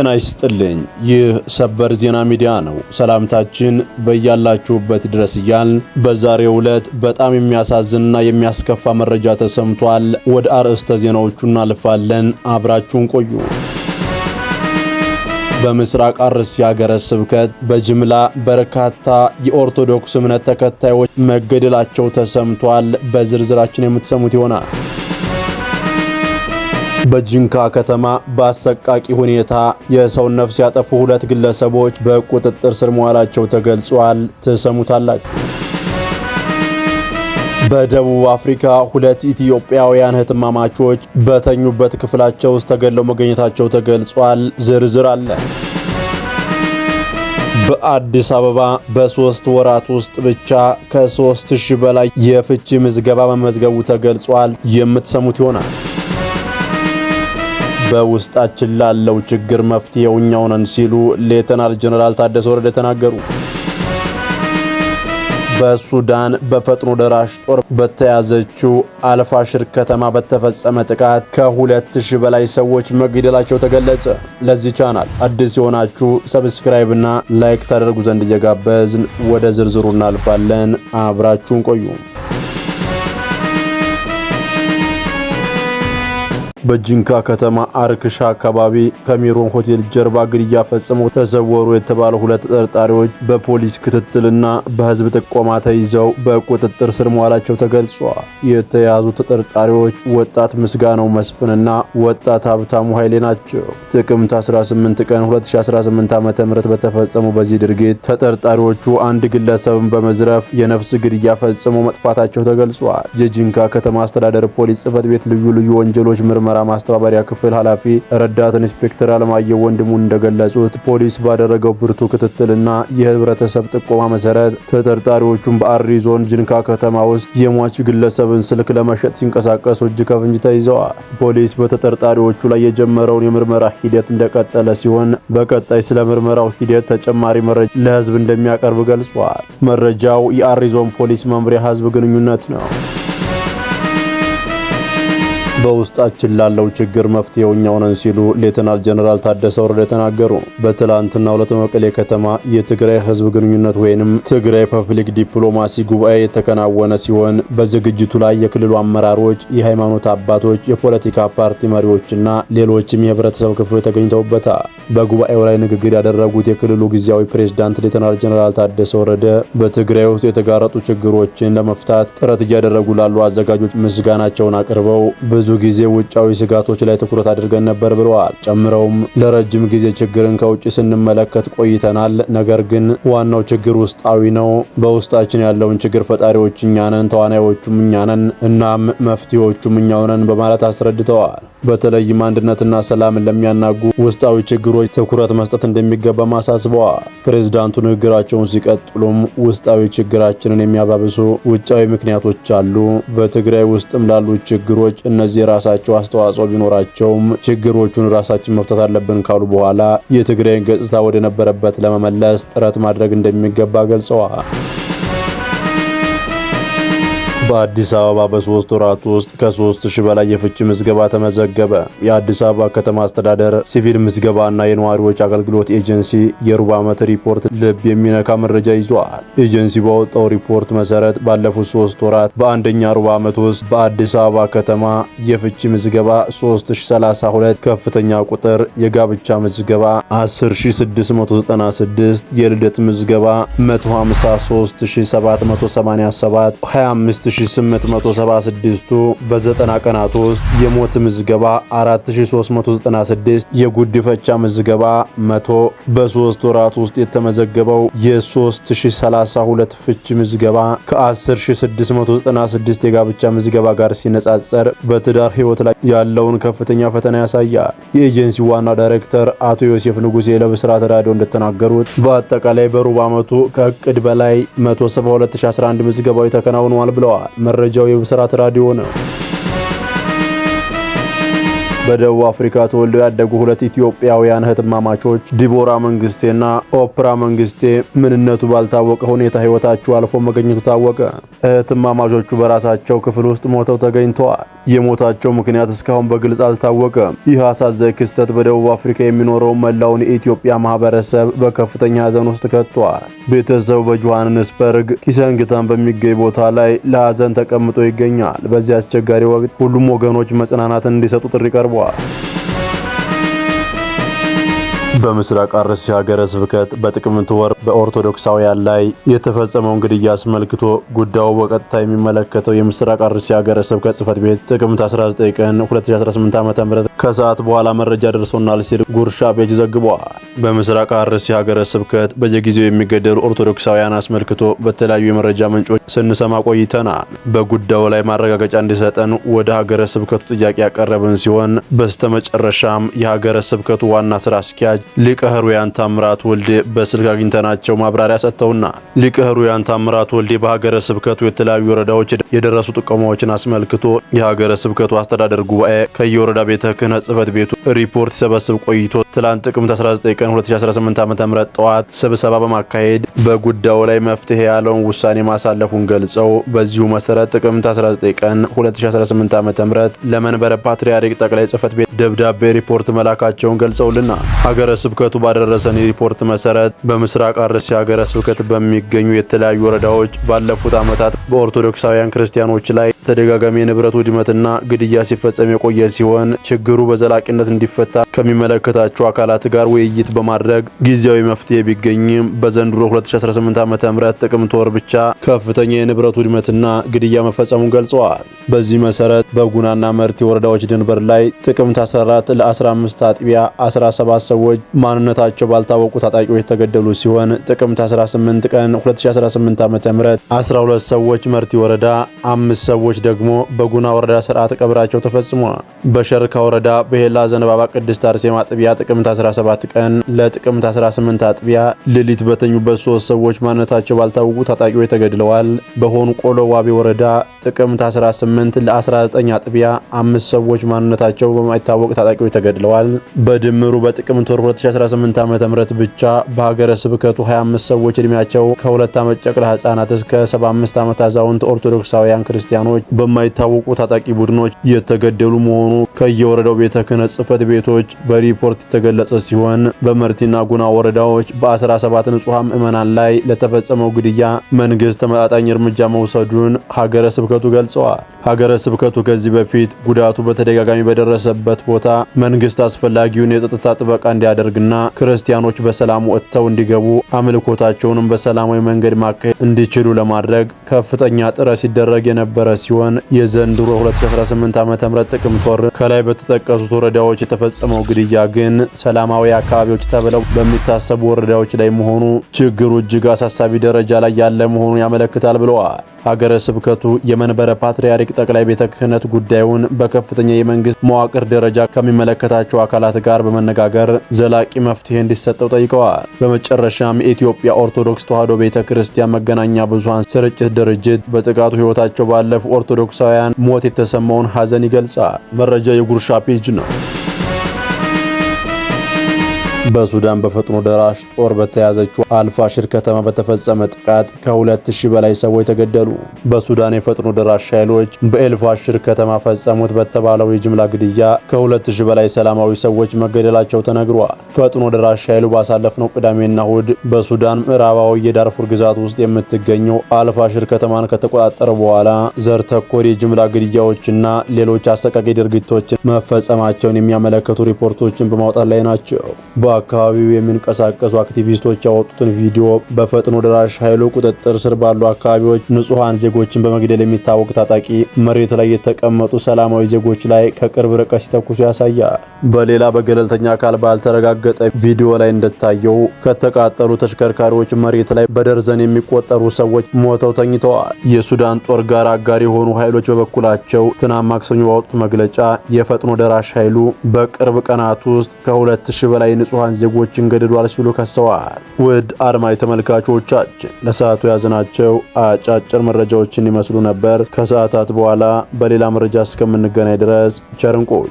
ጤና ይስጥልኝ። ይህ ሰበር ዜና ሚዲያ ነው። ሰላምታችን በያላችሁበት ድረስ እያልን በዛሬው ዕለት በጣም የሚያሳዝንና የሚያስከፋ መረጃ ተሰምቷል። ወደ አርዕስተ ዜናዎቹ እናልፋለን። አብራችሁን ቆዩ። በምስራቅ አርሲ ሀገረ ስብከት በጅምላ በርካታ የኦርቶዶክስ እምነት ተከታዮች መገደላቸው ተሰምቷል። በዝርዝራችን የምትሰሙት ይሆናል። በጂንካ ከተማ በአሰቃቂ ሁኔታ የሰውን ነፍስ ያጠፉ ሁለት ግለሰቦች በቁጥጥር ስር መዋላቸው ተገልጿል። ትሰሙታላችሁ። በደቡብ አፍሪካ ሁለት ኢትዮጵያውያን ህትማማቾች በተኙበት ክፍላቸው ውስጥ ተገለው መገኘታቸው ተገልጿል። ዝርዝር አለ። በአዲስ አበባ በሶስት ወራት ውስጥ ብቻ ከ3000 በላይ የፍቺ ምዝገባ መመዝገቡ ተገልጿል። የምትሰሙት ይሆናል። በውስጣችን ላለው ችግር መፍትሄው እኛው ነን ሲሉ ሌተናል ጀነራል ታደሰ ወረደ ተናገሩ። በሱዳን በፈጥኖ ደራሽ ጦር በተያዘችው አልፋሽር ከተማ በተፈጸመ ጥቃት ከሁለት 2000 በላይ ሰዎች መገደላቸው ተገለጸ። ለዚህ ቻናል አዲስ የሆናችሁ ሰብስክራይብ እና ላይክ ታደርጉ ዘንድ እየጋበዝን ወደ ዝርዝሩ እናልፋለን። አብራችሁን ቆዩ። በጂንካ ከተማ አርክሻ አካባቢ ከሚሮን ሆቴል ጀርባ ግድያ ፈጽመው ተሰወሩ የተባሉ ሁለት ተጠርጣሪዎች በፖሊስ ክትትልና በህዝብ ጥቆማ ተይዘው በቁጥጥር ስር መዋላቸው ተገልጿል። የተያዙ ተጠርጣሪዎች ወጣት ምስጋናው መስፍንና ወጣት ሀብታሙ ኃይሌ ናቸው። ጥቅምት 18 ቀን 2018 ዓ.ም በተፈጸመው በዚህ ድርጊት ተጠርጣሪዎቹ አንድ ግለሰብን በመዝረፍ የነፍስ ግድያ ፈጽመው መጥፋታቸው ተገልጿል። የጂንካ ከተማ አስተዳደር ፖሊስ ጽህፈት ቤት ልዩ ልዩ ወንጀሎች ምርመራ ምርመራ ማስተባበሪያ ክፍል ኃላፊ ረዳት ኢንስፔክተር አለማየሁ ወንድሙ እንደገለጹት ፖሊስ ባደረገው ብርቱ ክትትልና የህብረተሰብ ጥቆማ መሰረት ተጠርጣሪዎቹን በአሪ ዞን ጅንካ ከተማ ውስጥ የሟች ግለሰብን ስልክ ለመሸጥ ሲንቀሳቀሱ እጅ ከፍንጅ ተይዘዋል። ፖሊስ በተጠርጣሪዎቹ ላይ የጀመረውን የምርመራ ሂደት እንደቀጠለ ሲሆን በቀጣይ ስለ ምርመራው ሂደት ተጨማሪ መረጃ ለህዝብ እንደሚያቀርብ ገልጿል። መረጃው የአሪዞን ፖሊስ መምሪያ ህዝብ ግንኙነት ነው። በውስጣችን ላለው ችግር መፍትሄው እኛው ነን ሲሉ ሌተናል ጀነራል ታደሰ ወረደ ተናገሩ። በትላንትና ሁለት በመቀሌ ከተማ የትግራይ ህዝብ ግንኙነት ወይንም ትግራይ ፐብሊክ ዲፕሎማሲ ጉባኤ የተከናወነ ሲሆን በዝግጅቱ ላይ የክልሉ አመራሮች፣ የሃይማኖት አባቶች፣ የፖለቲካ ፓርቲ መሪዎችና ሌሎችም የህብረተሰብ ክፍሎች ተገኝተውበታል። በጉባኤው ላይ ንግግር ያደረጉት የክልሉ ጊዜያዊ ፕሬዝዳንት ሌተናል ጀነራል ታደሰ ወረደ በትግራይ ውስጥ የተጋረጡ ችግሮችን ለመፍታት ጥረት እያደረጉ ላሉ አዘጋጆች ምስጋናቸውን አቅርበው ብዙ ብዙ ጊዜ ውጫዊ ስጋቶች ላይ ትኩረት አድርገን ነበር ብለዋል። ጨምረውም ለረጅም ጊዜ ችግርን ከውጭ ስንመለከት ቆይተናል። ነገር ግን ዋናው ችግር ውስጣዊ ነው። በውስጣችን ያለውን ችግር ፈጣሪዎች እኛነን፣ ተዋናዮቹም እኛነን፣ እናም መፍትሄዎቹም እኛው ነን በማለት አስረድተዋል። በተለይም አንድነትና ሰላምን ለሚያናጉ ውስጣዊ ችግሮች ትኩረት መስጠት እንደሚገባም አሳስበዋል። ፕሬዝዳንቱ ንግግራቸውን ሲቀጥሉም ውስጣዊ ችግራችንን የሚያባብሱ ውጫዊ ምክንያቶች አሉ። በትግራይ ውስጥም ላሉ ችግሮች እነዚህ የራሳቸው አስተዋጽኦ ቢኖራቸውም ችግሮቹን ራሳችን መፍታት አለብን ካሉ በኋላ የትግራይን ገጽታ ወደ ነበረበት ለመመለስ ጥረት ማድረግ እንደሚገባ ገልጸዋል። በአዲስ አበባ በሶስት ወራት ውስጥ ከሶስት ሺህ በላይ የፍቺ ምዝገባ ተመዘገበ። የአዲስ አበባ ከተማ አስተዳደር ሲቪል ምዝገባና የነዋሪዎች አገልግሎት ኤጀንሲ የሩብ ዓመት ሪፖርት ልብ የሚነካ መረጃ ይዟል። ኤጀንሲ በወጣው ሪፖርት መሰረት ባለፉት ሶስት ወራት በአንደኛ ሩብ ዓመት ውስጥ በአዲስ አበባ ከተማ የፍቺ ምዝገባ 3032፣ ከፍተኛ ቁጥር የጋብቻ ምዝገባ 10696፣ የልደት ምዝገባ 153787፣ 25 1876 ቱ በ90 ቀናት ውስጥ የሞት ምዝገባ 4396 የጉድፈቻ ምዝገባ 100 በ3 ወራት ውስጥ የተመዘገበው የ3032 ፍች ምዝገባ ከ10696 የጋብቻ ምዝገባ ጋር ሲነጻጸር በትዳር ህይወት ላይ ያለውን ከፍተኛ ፈተና ያሳያል። የኤጀንሲ ዋና ዳይሬክተር አቶ ዮሴፍ ንጉሴ ለብስራት ራዲዮ እንደተናገሩት በአጠቃላይ በሩብ ዓመቱ ከእቅድ በላይ 172011 ምዝገባዊ ተከናውነዋል ብለዋል። መረጃው የብስራት ራዲዮ ነው። በደቡብ አፍሪካ ተወልደው ያደጉ ሁለት ኢትዮጵያውያን እህትማማቾች ዲቦራ መንግስቴና ኦፕራ መንግስቴ ምንነቱ ባልታወቀ ሁኔታ ህይወታቸው አልፎ መገኘቱ ታወቀ። እህትማማቾቹ በራሳቸው ክፍል ውስጥ ሞተው ተገኝተዋል። የሞታቸው ምክንያት እስካሁን በግልጽ አልታወቀም። ይህ አሳዛኝ ክስተት በደቡብ አፍሪካ የሚኖረው መላውን የኢትዮጵያ ማህበረሰብ በከፍተኛ ሀዘን ውስጥ ከቷል። ቤተሰቡ በጆሃንስበርግ ኪሰንግታን በሚገኝ ቦታ ላይ ለሀዘን ተቀምጦ ይገኛል። በዚህ አስቸጋሪ ወቅት ሁሉም ወገኖች መጽናናትን እንዲሰጡ ጥሪ ቀርቧል። ተናግረዋል። በምስራቅ አርሲ ሀገረ ስብከት በጥቅምት ወር በኦርቶዶክሳውያን ላይ የተፈጸመውን ግድያ አስመልክቶ ጉዳዩ በቀጥታ የሚመለከተው የምስራቅ አርሲ ሀገረ ስብከት ጽሕፈት ቤት ጥቅምት 19 ቀን 2018 ዓ.ም ከሰዓት በኋላ መረጃ ደርሶናል ሲል ጉርሻ ፔጅ ዘግቧል። በምስራቅ አርስ ሀገረ ስብከት በየጊዜው የሚገደሉ ኦርቶዶክሳውያን አስመልክቶ በተለያዩ የመረጃ ምንጮች ስንሰማ ቆይተናል። በጉዳዩ ላይ ማረጋገጫ እንዲሰጠን ወደ ሀገረ ስብከቱ ጥያቄ ያቀረብን ሲሆን በስተመጨረሻም የሀገረ ስብከቱ ዋና ስራ አስኪያጅ ሊቀህሩያን ታምራት ወልዴ በስልክ አግኝተናቸው ማብራሪያ ሰጥተውና ሊቀህሩያን ታምራት ወልዴ በሀገረ ስብከቱ የተለያዩ ወረዳዎች የደረሱ ጥቆማዎችን አስመልክቶ የሀገረ ስብከቱ አስተዳደር ጉባኤ ከየወረዳ ቤተ ብልጽግና ጽህፈት ቤቱ ሪፖርት ሲሰበስብ ቆይቶ ትላንት ጥቅምት 19 ቀን 2018 ዓ.ም ጠዋት ስብሰባ በማካሄድ በጉዳዩ ላይ መፍትሄ ያለውን ውሳኔ ማሳለፉን ገልጸው በዚሁ መሰረት ጥቅምት 19 ቀን 2018 ዓ.ም ለመንበረ ፓትርያርክ ጠቅላይ ጽህፈት ቤት ደብዳቤ ሪፖርት መላካቸውን ገልጸውልናል። ሀገረ ስብከቱ ባደረሰን የሪፖርት መሰረት በምስራቅ አርሲ ሀገረ ስብከት በሚገኙ የተለያዩ ወረዳዎች ባለፉት ዓመታት በኦርቶዶክሳውያን ክርስቲያኖች ላይ ተደጋጋሚ የንብረት ውድመትና ግድያ ሲፈጸም የቆየ ሲሆን ችግሩ ችግሩ በዘላቂነት እንዲፈታ ከሚመለከታቸው አካላት ጋር ውይይት በማድረግ ጊዜያዊ መፍትሄ ቢገኝም በዘንድሮ 2018 ዓ.ም ጥቅምት ወር ብቻ ከፍተኛ የንብረት ውድመትና ግድያ መፈጸሙን ገልጸዋል። በዚህ መሰረት በጉናና መርቲ ወረዳዎች ድንበር ላይ ጥቅምት 14 ለ15 አጥቢያ 17 ሰዎች ማንነታቸው ባልታወቁ ታጣቂዎች የተገደሉ ሲሆን ጥቅምት 18 ቀን 2018 ዓ.ም 12 ሰዎች መርቲ ወረዳ፣ አምስት ሰዎች ደግሞ በጉና ወረዳ ስርዓት ቀብራቸው ተፈጽሟል። በሸርካ ወረዳ ወረዳ በሄላ ዘንባባ ቅድስት አርሴማ አጥቢያ ጥቅምት 17 ቀን ለጥቅምት 18 አጥቢያ ሌሊት በተኙበት ሶስት ሰዎች ማንነታቸው ባልታወቁ ታጣቂዎች ተገድለዋል። በሆኑ ቆሎ ዋቤ ወረዳ ጥቅምት 18 ለ19 አጥቢያ አምስት ሰዎች ማንነታቸው በማይታወቅ ታጣቂዎች ተገድለዋል። በድምሩ በጥቅምት ወር 2018 ዓ.ም ብቻ በሀገረ ስብከቱ 25 ሰዎች እድሜያቸው ከሁለት ዓመት ጨቅላ ህጻናት እስከ 75 ዓመት አዛውንት ኦርቶዶክሳውያን ክርስቲያኖች በማይታወቁ ታጣቂ ቡድኖች የተገደሉ መሆኑ ከየወረዳው ቤተ ክህነት ጽሕፈት ቤቶች በሪፖርት የተገለጸ ሲሆን በመርቲና ጉና ወረዳዎች በ17 ንጹሐን ምዕመናን ላይ ለተፈጸመው ግድያ መንግስት ተመጣጣኝ እርምጃ መውሰዱን ሀገረ ስብከቱ ገልጸዋል። ሀገረ ስብከቱ ከዚህ በፊት ጉዳቱ በተደጋጋሚ በደረሰበት ቦታ መንግስት አስፈላጊውን የጸጥታ ጥበቃ እንዲያደርግና ክርስቲያኖች በሰላም ወጥተው እንዲገቡ አምልኮታቸውንም በሰላማዊ መንገድ ማካሄድ እንዲችሉ ለማድረግ ከፍተኛ ጥረት ሲደረግ የነበረ ሲሆን የዘንድሮ 2018 ዓ.ም ጥቅምት ወር ከላይ በተጠቀ በተጠቀሱት ወረዳዎች የተፈጸመው ግድያ ግን ሰላማዊ አካባቢዎች ተብለው በሚታሰቡ ወረዳዎች ላይ መሆኑ ችግሩ እጅግ አሳሳቢ ደረጃ ላይ ያለ መሆኑን ያመለክታል ብለዋል። ሀገረ ስብከቱ የመንበረ ፓትርያርክ ጠቅላይ ቤተ ክህነት ጉዳዩን በከፍተኛ የመንግስት መዋቅር ደረጃ ከሚመለከታቸው አካላት ጋር በመነጋገር ዘላቂ መፍትሄ እንዲሰጠው ጠይቀዋል። በመጨረሻም የኢትዮጵያ ኦርቶዶክስ ተዋሕዶ ቤተ ክርስቲያን መገናኛ ብዙኃን ስርጭት ድርጅት በጥቃቱ ሕይወታቸው ባለፉ ኦርቶዶክሳውያን ሞት የተሰማውን ሀዘን ይገልጻል። መረጃ የጉርሻ perdi não. በሱዳን በፈጥኖ ደራሽ ጦር በተያዘችው አልፋሽር ከተማ በተፈጸመ ጥቃት ከ2000 በላይ ሰዎች ተገደሉ። በሱዳን የፈጥኖ ደራሽ ኃይሎች በኤልፋሽር ከተማ ፈጸሙት በተባለው የጅምላ ግድያ ከ2000 በላይ ሰላማዊ ሰዎች መገደላቸው ተነግሯል። ፈጥኖ ደራሽ ኃይሉ ባሳለፍነው ቅዳሜና እሁድ በሱዳን ምዕራባዊ የዳርፉር ግዛት ውስጥ የምትገኘው አልፋሽር ከተማን ከተቆጣጠረ በኋላ ዘር ተኮር የጅምላ ግድያዎችና ሌሎች አሰቃቂ ድርጊቶችን መፈጸማቸውን የሚያመለክቱ ሪፖርቶችን በማውጣት ላይ ናቸው። በአካባቢው የሚንቀሳቀሱ አክቲቪስቶች ያወጡትን ቪዲዮ በፈጥኖ ደራሽ ኃይሉ ቁጥጥር ስር ባሉ አካባቢዎች ንጹሐን ዜጎችን በመግደል የሚታወቅ ታጣቂ መሬት ላይ የተቀመጡ ሰላማዊ ዜጎች ላይ ከቅርብ ርቀት ሲተኩሱ ያሳያል። በሌላ በገለልተኛ አካል ባልተረጋገጠ ቪዲዮ ላይ እንደታየው ከተቃጠሉ ተሽከርካሪዎች መሬት ላይ በደርዘን የሚቆጠሩ ሰዎች ሞተው ተኝተዋል። የሱዳን ጦር ጋር አጋር የሆኑ ኃይሎች በበኩላቸው ትናንት ማክሰኞ ባወጡት መግለጫ የፈጥኖ ደራሽ ኃይሉ በቅርብ ቀናት ውስጥ ከ ሺህ በላይ ንጹ ንጹሐን ዜጎችን ገድሏል ሲሉ ከሰዋል። ውድ አድማጭ ተመልካቾቻችን ለሰዓቱ ያዝናቸው አጫጭር መረጃዎችን ይመስሉ ነበር። ከሰዓታት በኋላ በሌላ መረጃ እስከምንገናኝ ድረስ ቸርንቆይ